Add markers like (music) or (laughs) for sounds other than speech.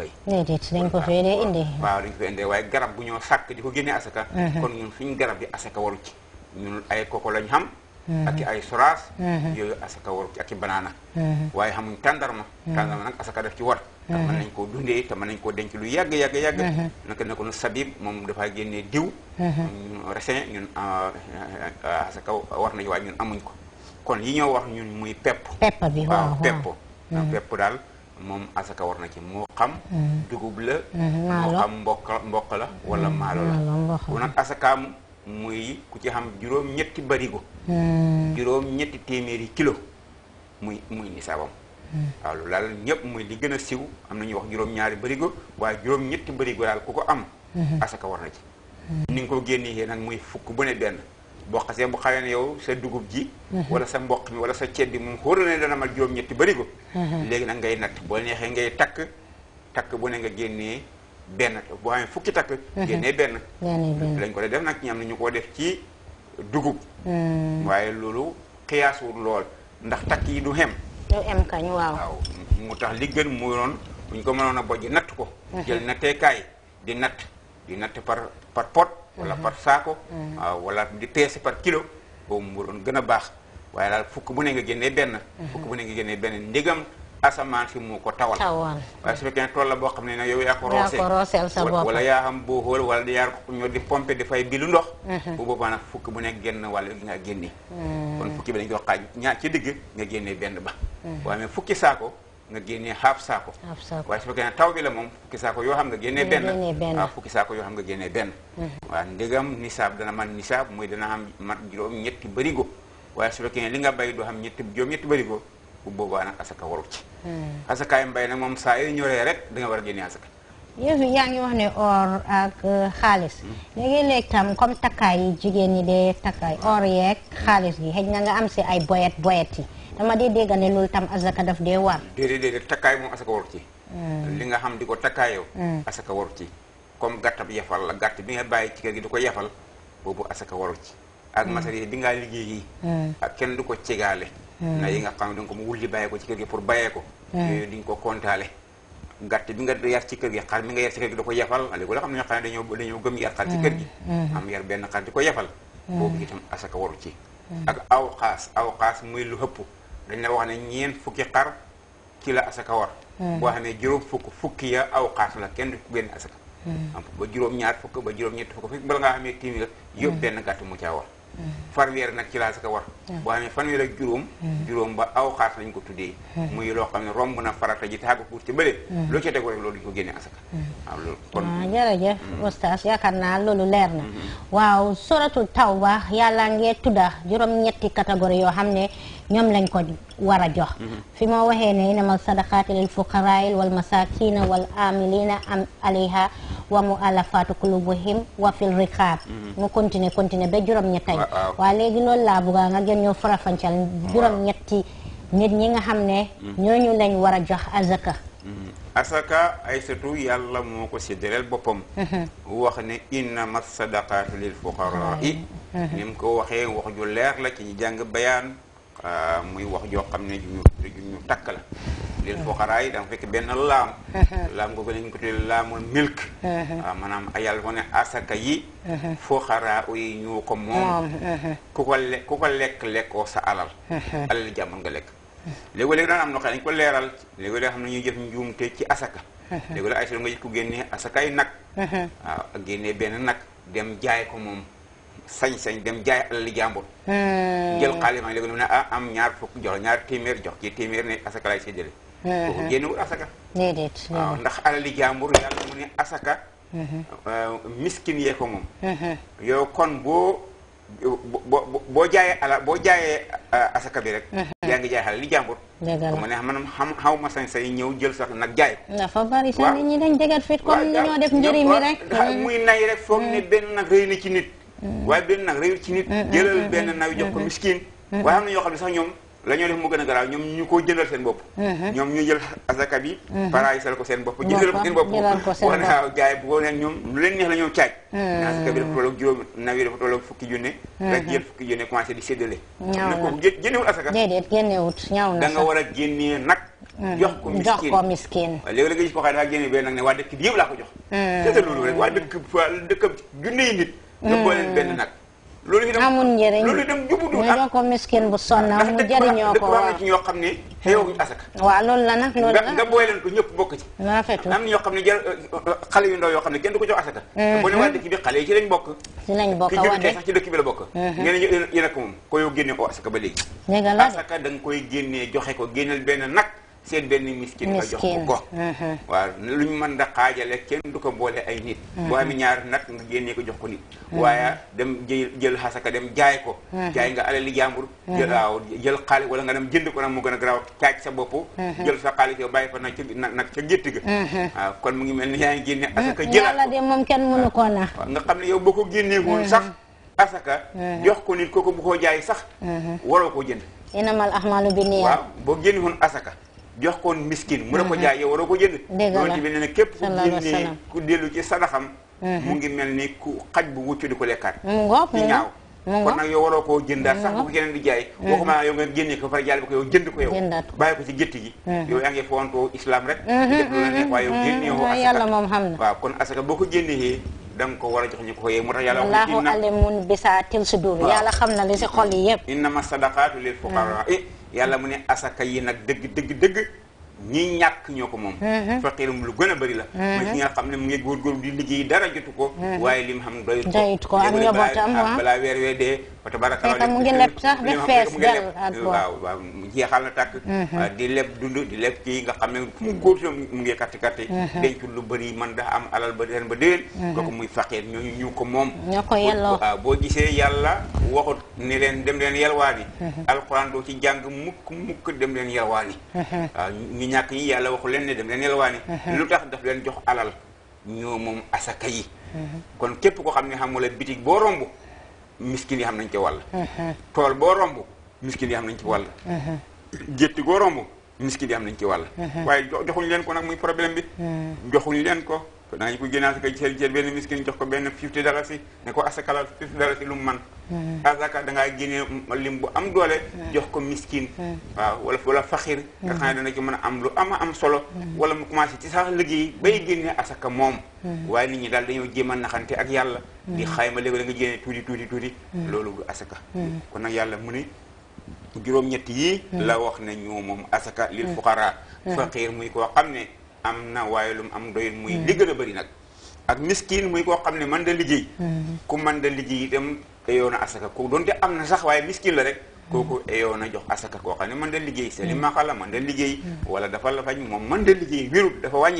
bay déedéet dañ ko fee dee indi waaw dañ ko fee indee waaye garab bu ñoo sàkk di ko génnee asaka mhm. kon ñun suñ garab bi asaka waru ci ñun ay koko lañ xam mhm. ak ay soraas mhm. yooyu asaka waru ci ak i banaana waaye xamuñ tàndarma tàndarma nag asaka def ci war te mën nañ koo dundee te mën nañ koo denc lu yàgg yàgg yàgg naka ne ko nu sabib moom dafaa génnee diw ñun resin ah, ñun ah, asaka war nañu waaye ñun amuñ ko kon yi ñoo wax ñun muy pepp pepp daal moom asaka war na ci moo xam hmm. dugub la hmm. moo xam mboq mboq la wala hmm. maalo la bu nag asakaam muy ku ci xam juróom ñetti barigo juróom ñetti téeméeri kilo muy muy nisaabam waaw loolu daal ñëpp muy li gën a siw am na ñuy wax juróom-ñaari barigo waaye juróom-ñetti barigo daal ku ko am asaka war na ci ni nga ko génnee nag muy fukk bu ne benn boo xasee bu xawee yow sa dugub ji mhm. wala sa mbokk mi wala sa ceeb bi moom xóoru ne dana mal joom ñetti ko mhm. léegi nak ngay nat bo neexee ngay tak tak bu ne nga génnee ben boo am fukki tak mhm. génnee ben lañ ko def nak ñam ñu ko def ci dugub lolu qiyas wu lool ndax tak yi du hem yow em kañ waaw mu tax li gën mu doon buñ ko mënon na bojj nat ko jël kay di nat di nat par par pot wala par saako. Mm-hmm. Ah, wala di peese par kilo boobu mu doon gën a baax waaye daal fukk bu ne nga génnee benn. Mm-hmm. fukk bu ne nga génnee benn ndegam asamaan si mu ko tawal. tawal waaye su fekkee ne tool la boo xam ne nag yow yaa ko. rooseel sa bopp wala yaa xam boo xool wala di pompe dafay bilu ndox. Mm-hmm. bu boobaa nag fukk bu ne génn wala nga génne. kon fukki ba dañu koy xaaj ñaar ci digg nga génnee benn ba. waaye mais fukki saako. nga génnee half saako wa su fekkee ne taw la moom fukki saako yo xam nga génnee benn waaw fukki saako yo xam nga génnee ben mm. wa ndigam nisab dana man nisab muy dana am mat juróom ñetti bërigo waaye su fekkee ne li nga bay do xam ñetti juróom ñetti go bu boba nak asaka waru ci mm. asakaay mbay nag mom sa e yu ñoré rek da nga wara a asaka yëf yaangi wax né or ak xaalis léegi lék tam comme takay yi jigéen ñi dé takay or yeeg xaalis gi hej na nga am ci ay boyet boyet dama dee dégg ne loolu tam asaka daf dee war déedéet déedéet takkaay moom asaka waru ci hmm. li nga xam di ko takkaayoo hmm. asaka waru bi yafal la hmm. du ko cegaale na yi nga xam ne danga ko mu wulli bàyyi ko ci kër gi pour bàyyee ko yooyu diñ mi nga yar ci di ko yafal boobu itam asaka waru ci ak aw xaas aw xaas muy lu hëpp dañ la wax ne ñeent fukki xar ci la asaka war hmm. boo xam ne fukk fukki ya aw xaas la kenn du génn asaka am hmm. ba juróom ñaar fukk ba juróom ñett fukk fukk bala ngaa xamee téeméer yóbbu hmm. benn gàtt mu caa war Mm. farweer nag ci la si ko war mm. boo xam ne fanweer juróom mm. juróom ba aw xaas lañ ko tuddee muy loo xam ne romb na farata ji taaga kuur ci bële loo ca tegu rek loolu duñ ko génne asaka waaw loolu ah, yaakaar naa loolu leer na mm-hmm. waaw suratul tawba yàlla ngee tudda juróom ñetti catégorie yoo xam ne ñoom lañ ko war a jox mm-hmm. fi moo waxee ne inama sadaqaati lil fuqarail wal masakina wal amilina am alayha wa mu alafaatu kulubuhim wa fil rikaab mhm. mu continuer continuer ba juróom-ñettay waa léegi loolu laa bëgg nga gën ñoo farafancal juróom-ñetti nit ñi nga xam ne mhm. ñooñu lañ war a jox azaka mhm. asaka ay satu yàlla moo ko séddaleel boppam wax ne innama sadaqaatu lil fuqarai ni mu ko waxee wax ju leer la ci ñu jàng bayaan ah, muy wax joo xam ne ju ñu takk la lil foqaraa yi da nga fekk benn laam (laughs) laam googu lañ ko tuddee laamul milk waaw uh-huh. ah, maanaam ayal wane asaka yi uh-huh. foqaraa yi ñoo ko moom oh, uh-huh. ku ko le ku lekk lekkoo sa alal alal jàmm nga lekk léegi-léegi daan am na xam ko leeral léegi la ñuy jëf njuumte ci asaka léegi la ay solo nga gis ku nag waaw ah, jaay ko moom sañ-sañ dem jaay alali jàmbur jël xaalis ma léegi ne ah am ñaar fukk jox ñaar téeméer jox ci téeméer ne asaka laay séddale génnewul eh, eh. asaka déedéet waaw ah, ndax alali jàmbur yàlla mu ne asaka eh, miskin yee ko moom yow kon boo boo jaayee ala boo jaayee asaka bi rek yaa ngi jaay xale li jàmbur mu ne man xam xaw ma sañ say ñëw jël sax nag jaay dafa bari sax nit ñi ne benn nag réy na ci nit waaye benn nag réyul ci nit jëlal benn naw jox ko miskin waaye xam na ñoo xam sax ñoom la ñoo def mu gën a garaaw ñoom ñu ko jëndal seen bopp mhm. ñoom ñu jël asaka bi mhm. paraysal seen bopp jëndal ko seen bopp a mhm. waa dëkk bi yëpp yi nit nga booleen benn nag loolu itam amul njëriñ loolu itam jubutu ñu jox ko miskin bu sonna mu jëriñoo ko hmm. waaw ci la nag loolu la nga booy leen ko ñëpp bokk ci rafetul am na ñoo euh, euh, yoo xam ne ko jox asaka hmm, boo ne waa hmm. dëkk bi xale yi ci lañ bokk ci ki sax ci dëkk bi la bokk ngeen yéen a ko moom ko yow génne ko asaka ba léegi asaka da koy génnee joxe ko génneel benn nag seen benn miskin nga jox ko ko uh-huh. waaw lu ñu mën da xaajale kenn du ko boole ay nit uh-huh. boo amee ñaar nag nga génnee ko jox ko nit uh-huh. waaye dem jël xasaka dem jaay ko jaay nga alali jàmbur jël waaw jël xaalis wala nga dem jënd ko nag mu gën a garaaw caaj sa bopp jël sa xaalis yow kon mu ngi mel ni yaa ngi génne asaka jëlaat yàlla de moom kenn mënu koo la nga xam ne yow boo ko génneewoon sax asaka jox ko nit kooku bu ko jaay sax waroo koo jënd inamal ahmalu bi niyaa waaw boo génne woon asaka jox ko miskin mu ne ko mm-hmm. jaay yow waroo ko jënd yonent bi nee na mm-hmm. mu ngi mel ni ku xaj bu wuccu ko lekkaat ci ñaaw kon nag yow waroo ko keneen di jaay boo ko maanaam yow nga génne ko fara jaay bi ko yow a ko yow bàyyi ko ci gétt gi mm-hmm. yow yaa ngi fowantoo islam rek def lu la neex waaye yow génnee woo yàlla boo ko génnee ko a yee moo tax yàlla wallahu alimun bisa til sudur yàlla xam na li si xol yi yëpp innama sadaqatu lil fuqara eh, yàlla mu ne asaka yi nag dëgg dëgg dëgg ñi ñàkk ñoo ko moom mm-hmm. faqiiram lu gën a bëri la mm-hmm. mooy ki nga xam ne mu ngi góorgóorlu di liggéey dara jotu ko mm-hmm. waaye li mu xam doyut ko ah, balaa weer wee dee fa tabaarakallah mu ngi leb sax di fees dal waaw jeexal na tàkk mhm. ah, di leb dund di leb kii nga xam ne fu mu kóotu mu ngi katti katti mhm. denc lu bëri man da am alal ba den ba déen mhm. kooku muy faqir ñooñu ñu ko moom waaw boo gisee yàlla waxut ni leen dem leen yelwaani alxuraan doo ci jàng mukk mukk dem leen yelwaani waaw ah, ñu ñàkk yi yàlla waxu leen ne dem leen yelwaani lu tax daf leen jox alal ñoo moom asaka yi kon képp ko xam ne xamula bitig boo romb miskin yi xam nañ ci wàll uh-huh. tool boo romb miskin yi xam nañ ci wàll uh-huh. gétti goo romb miskin yi xam nañ ci wàll uh-huh. waaye joxuñu leen ko nag muy problème bi joxuñu leen ko ko naa ñu ko génnaat ko jël miskin jox ko 50 fifty dalasi ne ko 50 fifty ci lu man mën hmm. asaka da nga gëné lim bu am doole hmm. jox ko miskin hmm. waaw wala wala fakhir nga xana ne ci mëna am lu ama am solo wala mu commencé ci sax liggéey bay gëné asaka mom way nit ñi dal dañu jéem naxanté ak yalla di xayma légui da nga gëné tuuti tuuti tuuti lolu du asaka kon nak yalla mu ni juroom ñet yi la wax ne ñoo mom asaka lil fuqara fakhir muy ko xamné am na waaye lu am doyul muy mm. li gën a bëri nag ak miskin muy koo xam ne mën da liggéey mm. ku mën da liggéey itam eyoon na asaka ko donte am na sax waaye miskin la rek mm. kooku eyoon jox asaka koo xam ne mën da liggéey seli maxala mën da liggéey wala dafa la fañ moom mën da liggéey wérut dafa wàññi